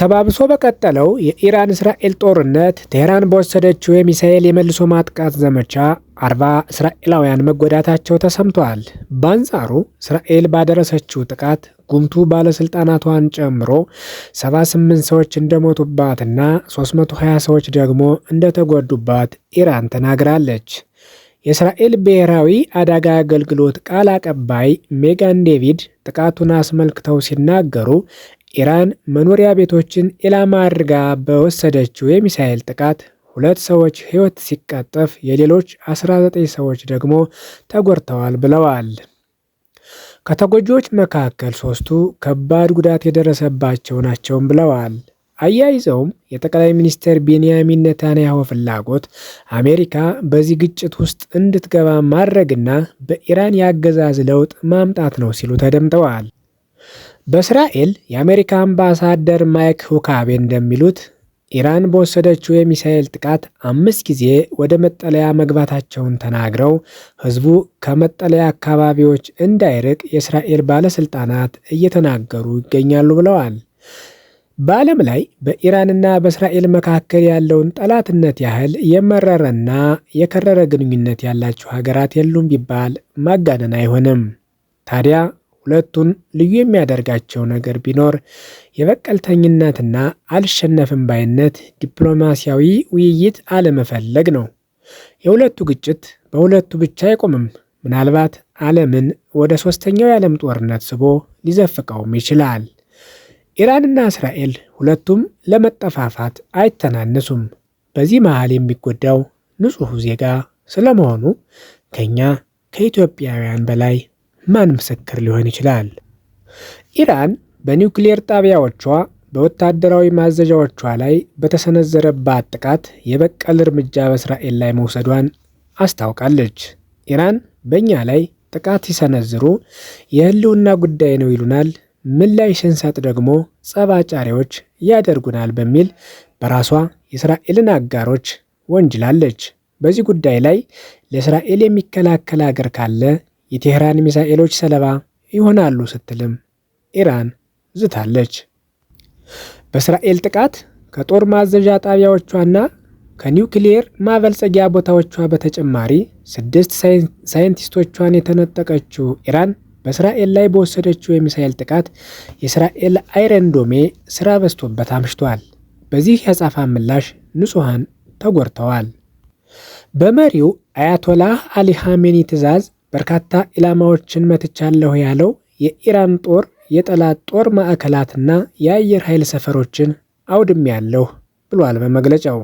ተባብሶ በቀጠለው የኢራን እስራኤል ጦርነት ቴህራን በወሰደችው የሚሳኤል የመልሶ ማጥቃት ዘመቻ አርባ እስራኤላውያን መጎዳታቸው ተሰምተዋል። በአንጻሩ እስራኤል ባደረሰችው ጥቃት ጉምቱ ባለስልጣናቷን ጨምሮ 78 ሰዎች እንደሞቱባትና 320 ሰዎች ደግሞ እንደተጎዱባት ኢራን ተናግራለች። የእስራኤል ብሔራዊ አደጋ አገልግሎት ቃል አቀባይ ሜጋን ዴቪድ ጥቃቱን አስመልክተው ሲናገሩ ኢራን መኖሪያ ቤቶችን ኢላማ አድርጋ በወሰደችው የሚሳኤል ጥቃት ሁለት ሰዎች ሕይወት ሲቀጠፍ የሌሎች 19 ሰዎች ደግሞ ተጎድተዋል ብለዋል። ከተጎጂዎች መካከል ሶስቱ ከባድ ጉዳት የደረሰባቸው ናቸውም ብለዋል። አያይዘውም የጠቅላይ ሚኒስትር ቤንያሚን ነታንያሁ ፍላጎት አሜሪካ በዚህ ግጭት ውስጥ እንድትገባ ማድረግና በኢራን የአገዛዝ ለውጥ ማምጣት ነው ሲሉ ተደምጠዋል። በእስራኤል የአሜሪካ አምባሳደር ማይክ ሁካቤ እንደሚሉት ኢራን በወሰደችው የሚሳኤል ጥቃት አምስት ጊዜ ወደ መጠለያ መግባታቸውን ተናግረው ህዝቡ ከመጠለያ አካባቢዎች እንዳይርቅ የእስራኤል ባለስልጣናት እየተናገሩ ይገኛሉ ብለዋል። በዓለም ላይ በኢራንና በእስራኤል መካከል ያለውን ጠላትነት ያህል የመረረና የከረረ ግንኙነት ያላቸው ሀገራት የሉም ቢባል ማጋነን አይሆንም። ታዲያ ሁለቱን ልዩ የሚያደርጋቸው ነገር ቢኖር የበቀልተኝነትና አልሸነፍም ባይነት ዲፕሎማሲያዊ ውይይት አለመፈለግ ነው። የሁለቱ ግጭት በሁለቱ ብቻ አይቆምም። ምናልባት ዓለምን ወደ ሦስተኛው የዓለም ጦርነት ስቦ ሊዘፍቀውም ይችላል። ኢራንና እስራኤል ሁለቱም ለመጠፋፋት አይተናነሱም። በዚህ መሃል የሚጎዳው ንጹሑ ዜጋ ስለመሆኑ ከኛ ከኢትዮጵያውያን በላይ ማን ምስክር ሊሆን ይችላል? ኢራን በኒውክሌር ጣቢያዎቿ በወታደራዊ ማዘዣዎቿ ላይ በተሰነዘረባት ጥቃት የበቀል እርምጃ በእስራኤል ላይ መውሰዷን አስታውቃለች። ኢራን በእኛ ላይ ጥቃት ሲሰነዝሩ የህልውና ጉዳይ ነው ይሉናል፣ ምን ላይ ስንሰጥ ደግሞ ጸባጫሪዎች ያደርጉናል በሚል በራሷ የእስራኤልን አጋሮች ወንጅላለች። በዚህ ጉዳይ ላይ ለእስራኤል የሚከላከል ሀገር ካለ የቴህራን ሚሳኤሎች ሰለባ ይሆናሉ ስትልም ኢራን ዝታለች። በእስራኤል ጥቃት ከጦር ማዘዣ ጣቢያዎቿና ከኒውክሊየር ማበልጸጊያ ቦታዎቿ በተጨማሪ ስድስት ሳይንቲስቶቿን የተነጠቀችው ኢራን በእስራኤል ላይ በወሰደችው የሚሳኤል ጥቃት የእስራኤል አይረንዶሜ ስራ በዝቶበት አምሽቷል። በዚህ የአጸፋ ምላሽ ንጹሐን ተጎድተዋል። በመሪው አያቶላህ አሊ ሐሜኒ ትዕዛዝ በርካታ ኢላማዎችን መትቻለሁ ያለው የኢራን ጦር የጠላት ጦር ማዕከላትና የአየር ኃይል ሰፈሮችን አውድሜያለሁ ብሏል በመግለጫው።